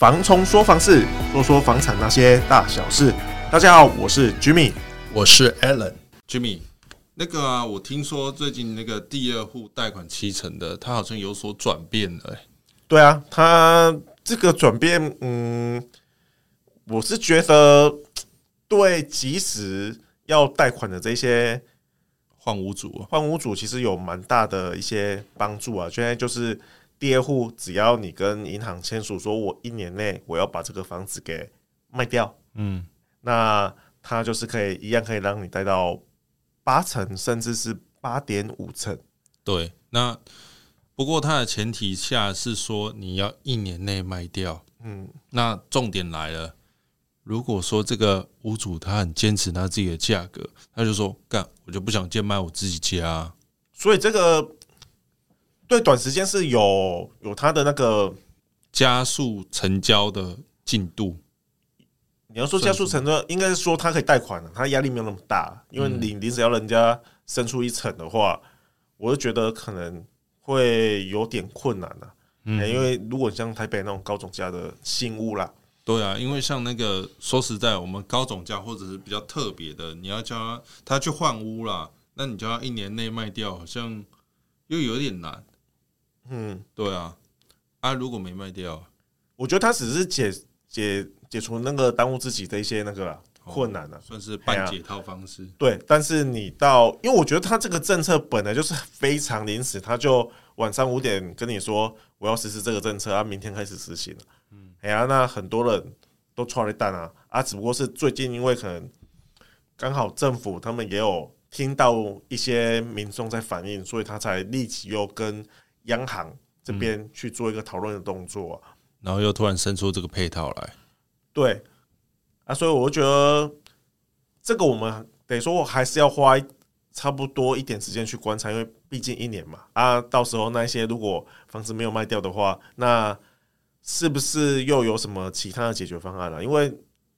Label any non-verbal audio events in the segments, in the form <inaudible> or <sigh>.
房沖說房事，說說房產那些大小事。大家好，我是 Jimmy，我是 Allen。Jimmy，那個、啊、我聽說最近那個第二戶貸款七成的，他好像有所轉變了、欸。對啊，他這個轉變，嗯，我是覺得對，及時要貸款的這些換屋主，換屋主其實有蠻大的一些幫助啊。現在就是。第二戶，只要你跟銀行簽署，說我一年內我要把這個房子給賣掉，嗯，那他就是可以一樣可以讓你貸到八成，甚至是八點五成。對，那不過他的前提下是說你要一年內賣掉，嗯，那重點來了，如果說這個屋主他很堅持他自己的價格，他就說幹，我就不想賤賣，我自己家。啊，所以這個。對，短時間是有有他的那個加速成交的進度。你要說加速成交，是應該是說他可以貸款，啊，他壓力沒有那麼大。因為你，你、嗯、只要人家伸出一成的話，我就覺得可能會有點困難了、啊。嗯、欸，因為如果像台北那種高總價的新屋啦，對啊，因為像那個說實在，我們高總價或者是比較特別的，你要叫他他去換屋啦，那你叫他一年內賣掉，好像又有點難。嗯，對啊，啊，如果沒賣掉，我覺得他只是解解解除那個耽誤自己的一些那個、啊哦、困難了、啊，算是半解套方式對，啊。對，但是你到，因為我覺得他這個政策本來就是非常臨時，他就晚上五點跟你說我要實施這個政策啊，明天開始實行。嗯，哎呀、啊，那很多人都錯了一單啊，啊，只不過是最近因為可能剛好政府他們也有聽到一些民眾在反映，所以他才立即又跟。央行這邊去做一個討論的動作，然後又突然伸出這個配套來，對，啊，所以我就覺得這個我們得說，我還是要花差不多一點時間去觀察，因為畢竟一年嘛，啊，到時候那些如果房子沒有賣掉的話，那是不是又有什麼其他的解決方案了啊？因為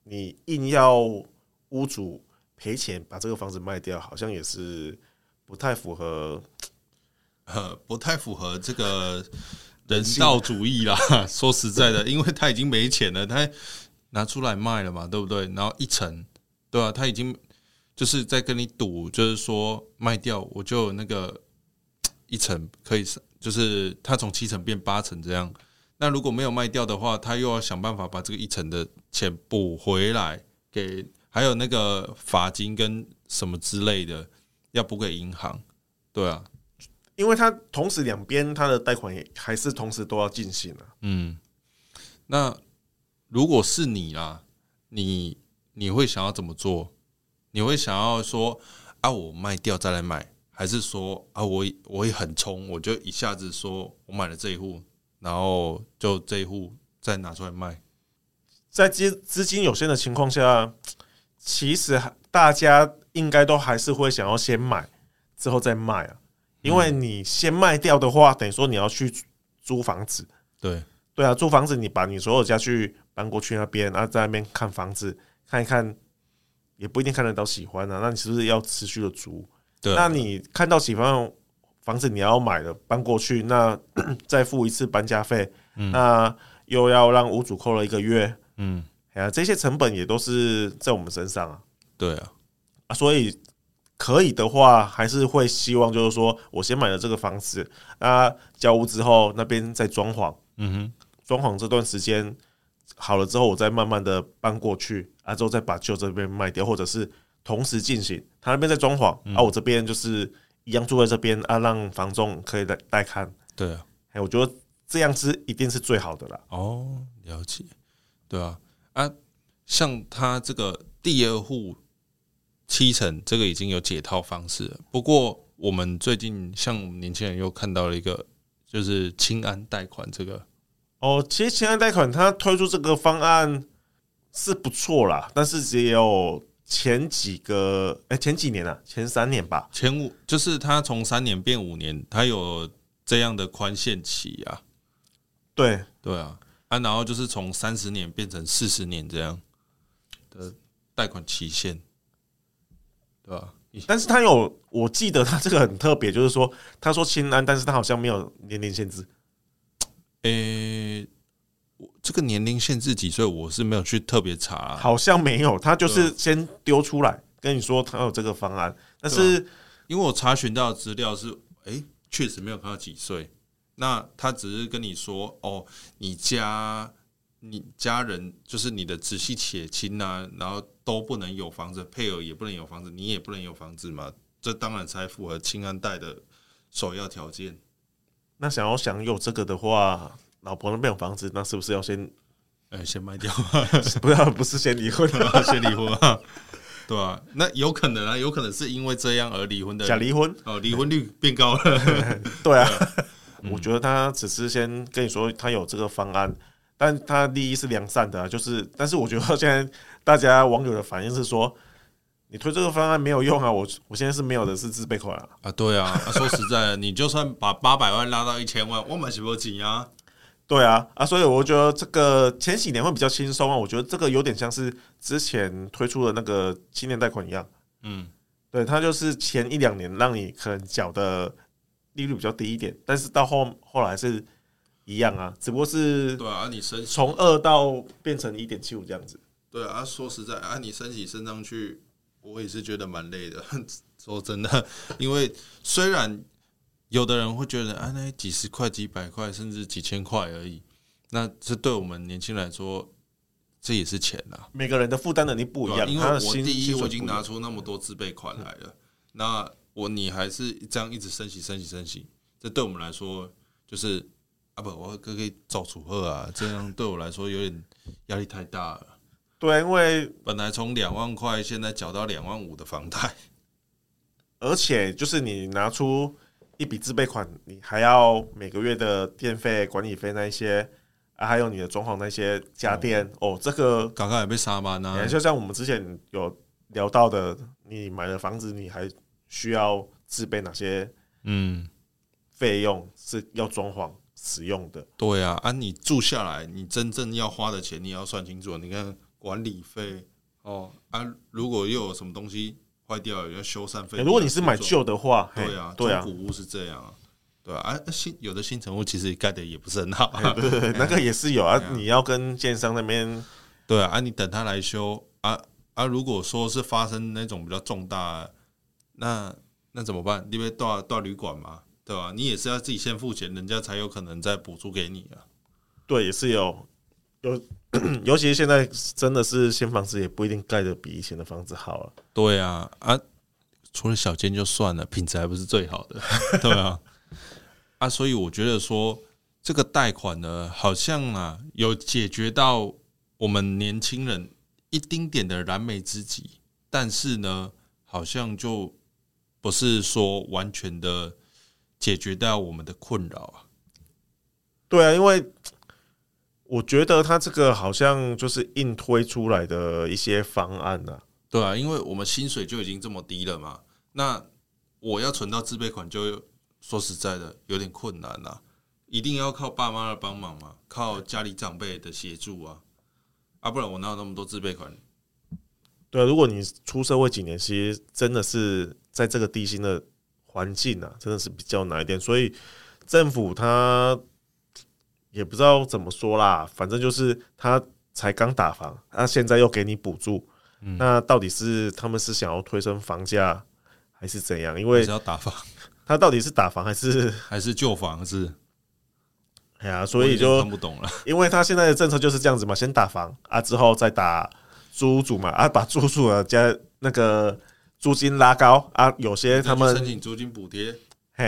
你硬要屋主賠錢把這個房子賣掉，好像也是不太符合。呃，不太符合這個人道主義啦。說實在的，因為他已經沒錢了，他拿出來賣了嘛，對不對？然後一成，對啊，他已經就是在跟你賭，就是說賣掉我就有那個一成可以，就是他從七成變八成這樣。那如果沒有賣掉的話，他又要想辦法把這個一成的錢補回來，給還有那個罰金跟什麼之類的要補給銀行，對啊。因為他同時兩邊他的貸款也還是同時都要進行啊。嗯，那如果是你啦、啊，你你會想要怎麼做？你會想要說啊，我賣掉再來買，還是說啊，我我也很衝，我就一下子說我買了這一戶，然後就這一戶再拿出來賣？在資資金有限的情況下，其實大家應該都還是會想要先買之後再賣啊。因為你先賣掉的話，等於說你要去租房子。對對啊，租房子，你把你所有家具搬過去那邊，然後在那邊看房子，看一看也不一定看得到喜歡啊。那你是不是要持續的租？對。那你看到喜歡房子，你要買的搬過去，那 <coughs> 再付一次搬家費。嗯。那又要讓屋主扣了一個月。嗯。哎呀、啊，這些成本也都是在我們身上啊。對啊，啊，所以。可以的話，還是會希望就是說我先買了這個房子，啊，交屋之後那邊在裝潢，嗯哼，裝潢這段時間好了之後，我再慢慢的搬過去，啊，之後再把舊這邊賣掉，或者是同時進行，他那邊在裝潢，嗯、啊，我這邊就是一樣住在這邊，啊，讓房仲可以來帶看，對啊，哎、欸，我覺得這樣子一定是最好的啦。哦，了解，對啊，啊，像他這個第二戶。七成，這個已經有解套方式了。不過，我們最近像年輕人又看到了一個，就是青安貸款這個。哦，其實青安貸款它推出這個方案是不錯啦，但是只有前幾個，哎，前幾年啊，前三年吧，前五，就是它從三年變五年，它有這樣的寬限期啊。對對啊，啊，然後就是從三十年變成四十年這樣的貸款期限。對吧、啊？但是他有，我記得他這個很特別，就是說，他說青安，但是他好像沒有年齡限制。誒、欸，這個年齡限制幾歲？我是沒有去特別查，啊，好像沒有。他就是先丟出來、啊、跟你說他有這個方案，但是、啊、因為我查詢到資料是，誒、欸，確實沒有看到幾歲。那他只是跟你說，哦，你家。你家人就是你的直系血親啊，然後都不能有房子，配偶也不能有房子，你也不能有房子嘛。這當然才符合青安貸的首要條件。那想要享有這個的話，老婆都沒有房子，那是不是要先，哎，先賣掉？ <laughs> 不要，不是先離婚了 <laughs> <laughs> 先離婚啊，對啊，那有可能啊，有可能是因為這樣而離婚的假離婚哦，離婚率變高了。 <laughs> 對啊，我覺得他只是先跟你說他有這個方案。但他利益是良善的、啊，就是，但是我覺得現在大家網友的反應是說，你推這個方案沒有用啊！我我現在是沒有的是自備款啊！嗯、啊，對啊，啊說實在的， <laughs> 你就算把八百萬拉到一千萬，我買起不起啊？對啊，啊，所以我覺得這個前幾年會比較輕鬆啊！我覺得這個有點像是之前推出的那個青年貸款一樣，嗯，對，它就是前一兩年讓你可能繳的利率比較低一點，但是到後後來是。一樣啊，只不過是對啊，你升從二到變成一點七五這樣子，對啊。說實在，啊，你升息升上去，我也是覺得蠻累的。說真的，因為雖然有的人會覺得，啊，那幾十塊、幾百塊，甚至幾千塊而已，那這對我們年輕人來說，這也是錢啊。每個人的負擔能力不一樣，啊、因為我第一我已經拿出那麼多自備款來了，嗯、那我你還是這樣一直升息、升息、升息，這對我們來說就是。啊不，我可以找楚赫啊，這樣對我來說有點壓力太大了。對，因為本來從兩萬塊現在繳到兩萬五的房貸，而且就是你拿出一筆自備款，你還要每個月的電費、管理費那一些，啊，還有你的裝潢那些家電哦，哦，這個剛剛也被殺完啊，嗯。就像我們之前有聊到的，你買了房子，你還需要自備哪些？嗯，費用是要裝潢。使用的對啊，啊，你住下來，你真正要花的錢，你要算清楚。你看管理費哦，啊，如果又有什麼東西壞掉了，要修繕費。如果你是買舊的話對，啊，對啊，對啊，古物是這樣啊，對啊，啊，新有的新成屋其實蓋的也不是很好，對、對、對，嘿那個也是有啊，啊，你要跟建商那邊對啊，啊，你等他來修啊、啊，啊，如果說是發生那種比較重大，那那怎麼辦？因為斷斷旅館嘛。對吧、啊？你也是要自己先付錢，人家才有可能再補助給你啊。對，也是有，有，尤其是現在真的是新房子，也不一定蓋的比以前的房子好了。對啊，啊，除了小間就算了，品質還不是最好的，對啊。啊，所以我覺得說這個貸款呢，好像啊有解決到我們年輕人一丁點的燃眉之急，但是呢，好像就不是說完全的。解決掉我們的困擾啊？對啊，因為我覺得他這個好像就是硬推出來的一些方案呢、啊。對啊，因為我們薪水就已經這麼低了嘛，那我要存到自備款就說實在的有點困難啊，一定要靠爸媽的幫忙嘛，靠家裡長輩的協助啊，啊，不然我哪有那麼多自備款？對啊，如果你出社會幾年，其實真的是在這個低薪的。環境啊，真的是比較難一點，所以政府他也不知道怎麼說啦。反正就是他才剛打房，他現在又給你補助，嗯、那到底是他們是想要推升房價還是怎樣？因為要打房，他到底是打房還是還是救房子？哎呀、啊，所以就看不懂了。因為他現在的政策就是這樣子嘛，先打房啊，之後再打租住嘛，啊，把租住啊，加那個。租金拉高啊！有些他們申請租金補貼，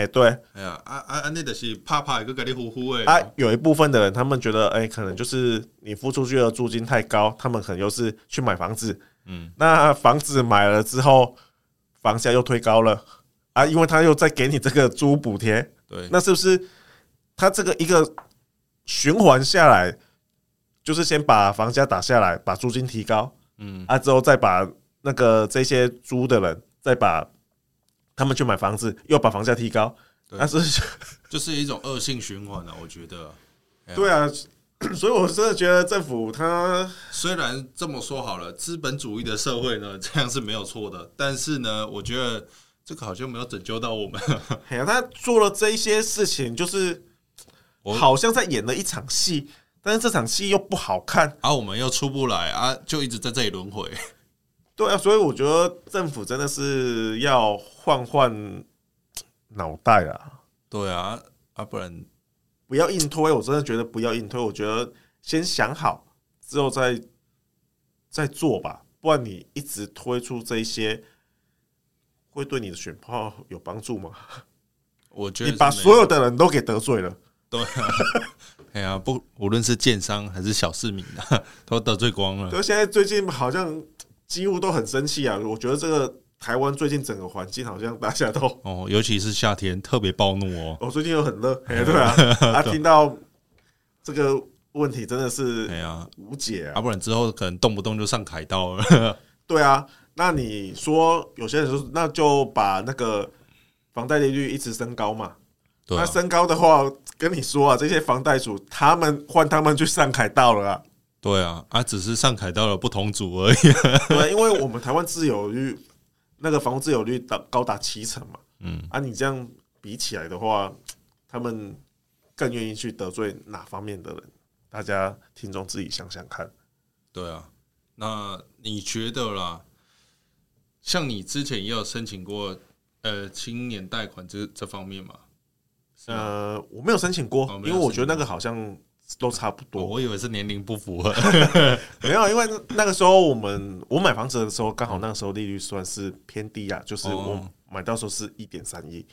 對，哎呀，啊啊啊！那是啪啪一個給你唬唬啊，有一部分的人，他們覺得哎、欸，可能就是你付出去的租金太高，他們可能又是去買房子，嗯，那房子買了之後，房價又推高了啊，因為他又在給你這個租補貼，對，那是不是？他這個一個循環下來，就是先把房價打下來，把租金提高，嗯，啊，之後再把。那個這些租的人再把他們去買房子，又把房價提高，但是對這就，就是一種惡性循環了，啊。我覺得。對啊，對啊，所以我真的覺得政府他雖然這麼說好了，資本主義的社會呢，這樣是沒有錯的，但是呢，我覺得這個好像沒有拯救到我們。哎呀，啊，他做了這些事情，就是好像在演了一場戲，我但是這場戲又不好看，啊，我們又出不來啊，就一直在這裡輪迴。對啊，所以我覺得政府真的是要換換腦袋啊。對啊，啊，不然不要硬推。 <coughs> 我真的覺得不要硬推。我覺得先想好，之後再再做吧。不然你一直推出這一些，會對你的選票有幫助嗎？我覺得你把所有的人都給得罪了。對啊，對啊，不，無論是建商還是小市民啊，都得罪光了。所以、啊啊、現在最近好像。幾乎都很生氣啊！我覺得這個台灣最近整個環境好像大家都哦，尤其是夏天特別暴怒哦。我、哦、最近又很熱、 <laughs> 哎，對啊，他聽到這個問題真的是、啊、哎呀無解，啊。不然之後可能動不動就上凱道了。 <laughs> 對啊，那你說有些人說，那就把那個房貸利率一直升高嘛？啊、那升高的話，跟你說啊，這些房貸族他們換他們去上凱道了啊。對啊，啊，只是上海到了不同組而已。對、啊，因為我們台灣自有率那個房屋自有率到高達七成嘛，嗯，啊，你這樣比起來的話，他們更願意去得罪哪方面的人？大家聽眾自己想想看。對啊，那你覺得啦？像你之前也有申請過呃青年貸款這這方面嘛？啊、呃，我沒有申請過，因為我覺得那個好像。都差不多、哦，我以為是年齡不符合， <laughs> 沒有，因為那個時候我們我買房子的時候，剛好那個時候利率算是偏低啊，就是我買到時候是一點三億，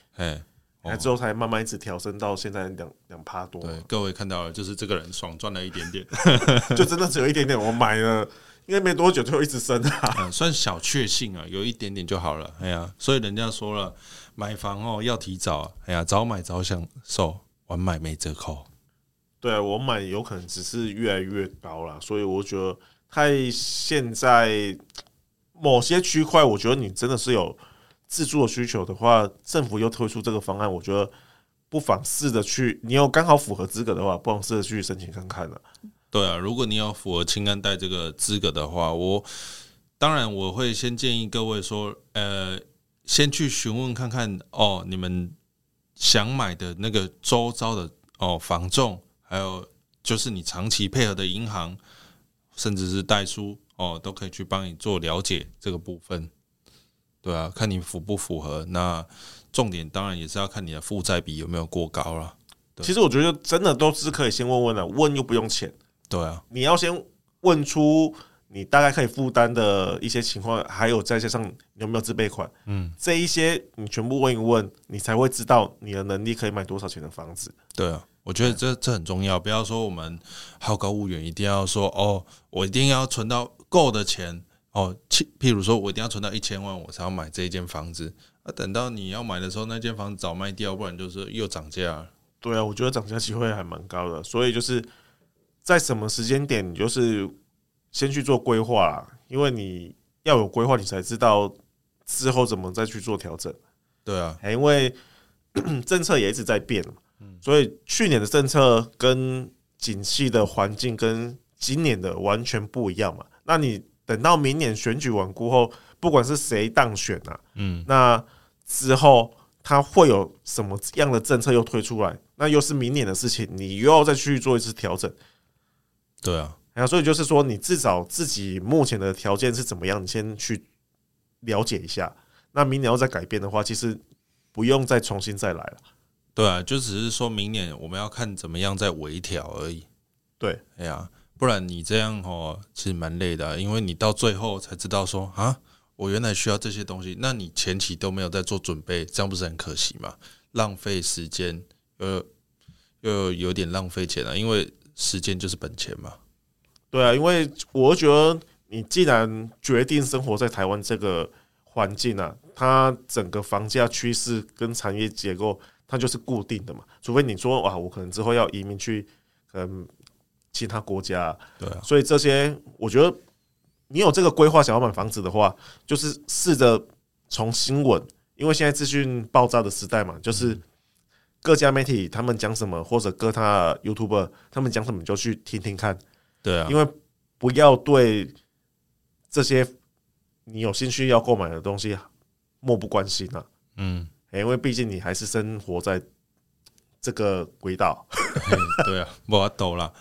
那、哦、之後才慢慢一直調升到現在兩兩趴多、啊。對，各位看到了，就是這個人爽賺了一點點， <laughs> 就真的只有一點點。我買了，因為沒多久就一直升啊、嗯，算小確幸啊，有一點點就好了。哎呀、啊，所以人家說了，買房哦、喔、要提早、啊，哎呀、啊，早買早享受，晚買沒折扣。對啊，我買有可能只是越來越高了，所以我覺得在現在某些區塊，我覺得你真的是有自住的需求的話，政府又推出這個方案，我覺得不妨試着去，你有剛好符合資格的話，不妨試着去申請看看的。對啊，如果你有符合青安貸這個資格的話，我當然我會先建議各位說，呃，先去詢問看看哦，你們想買的那個周遭的哦房仲。還有就是你長期配合的銀行，甚至是代書哦，都可以去幫你做了解這個部分。對啊，看你符不符合。那重點當然也是要看你的負債比有沒有過高了。其實我覺得真的都是可以先問問的，問又不用錢。對啊，你要先問出你大概可以負擔的一些情況，還有再加上有沒有自備款。嗯，這一些你全部問一問，你才會知道你的能力可以買多少錢的房子。對啊。我覺得這這很重要，不要說我們好高騖遠，一定要說哦，我一定要存到夠的錢哦，譬如說，我一定要存到一千萬，我才要買這一間房子。那、啊、等到你要買的時候，那間房子早賣掉，不然就是又漲價。對啊，我覺得漲價機會還蠻高的，所以就是在什麼時間點，你就是先去做規劃啦，因為你要有規劃，你才知道之後怎麼再去做調整。對啊，欸、因為咳咳政策也一直在變。所以去年的政策跟景氣的環境跟今年的完全不一樣嘛。那你等到明年選舉完過後，不管是誰當選啊，嗯，那之後他會有什麼樣的政策又推出來？那又是明年的事情，你又要再去做一次調整。對啊，然後所以就是說，你至少自己目前的條件是怎麼樣，你先去了解一下。那明年要再改變的話，其實不用再重新再來了。對啊，就只是說明年我們要看怎麼樣再微調而已。對，哎呀，不然你這樣哦，其實蠻累的啊，因為你到最後才知道說啊，我原來需要這些東西，那你前期都沒有在做準備，這樣不是很可惜嗎？浪費時間，呃，又有，又有，有點浪費錢了啊，因為時間就是本錢嘛。對啊，因為我覺得你既然決定生活在台灣這個環境啊，它整個房價趨勢跟產業結構。它就是固定的嘛，除非你說哇，我可能之後要移民去嗯其他國家啊，對啊，所以這些我覺得你有這個規劃想要買房子的話，就是試着從新聞，因為現在資訊爆炸的時代嘛，就是各家媒體他們講什麼，或者各他 YouTuber 他們講什麼，就去聽聽看，對啊，因為不要對這些你有興趣要購買的東西漠不關心啊，嗯。欸、因為畢竟你還是生活在這個軌道、欸，對啊，我懂了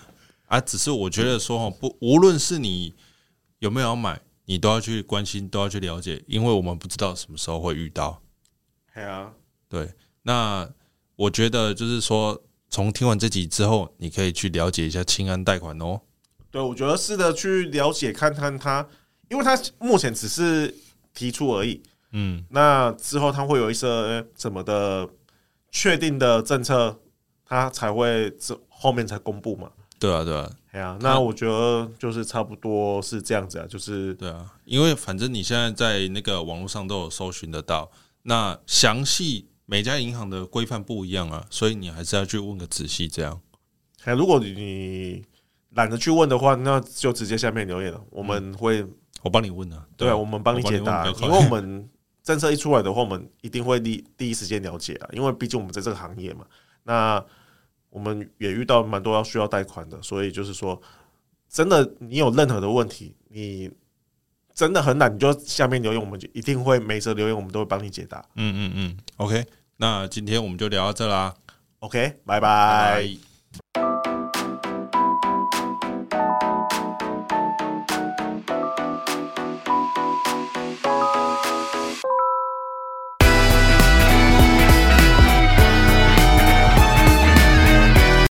啊。只是我覺得說，不，無論是你有沒有買，你都要去關心，都要去了解，因為我們不知道什麼時候會遇到。對啊對。那我覺得就是說，從聽完這集之後，你可以去了解一下青安貸款哦、喔。對，我覺得試着去了解看看它，因為它目前只是提出而已。嗯，那之後他會有一些、欸、怎麼的確定的政策，他才會這後面才公布嘛？對啊，對啊，他那我覺得就是差不多是這樣子啊，就是對啊，因為反正你現在在那個網絡上都有搜尋得到，那詳細每家銀行的規範不一樣啊，所以你還是要去問個仔細。這樣、啊，如果你懶得去問的話，那就直接下面留言了，我們會我幫你問啊，對，對啊，我們幫你解答，問問，因為我們。 <laughs> 政策一出來的話，我們一定會第一時間了解啊。因為畢竟我們在這個行業嘛。那我們也遇到蠻多要需要貸款的，所以就是說，真的你有任何的問題，你真的很難，你就下面留言，我們就一定會每則留言，我們都會幫你解答。嗯嗯嗯，OK，那今天我們就聊到這啦啊，OK，拜拜。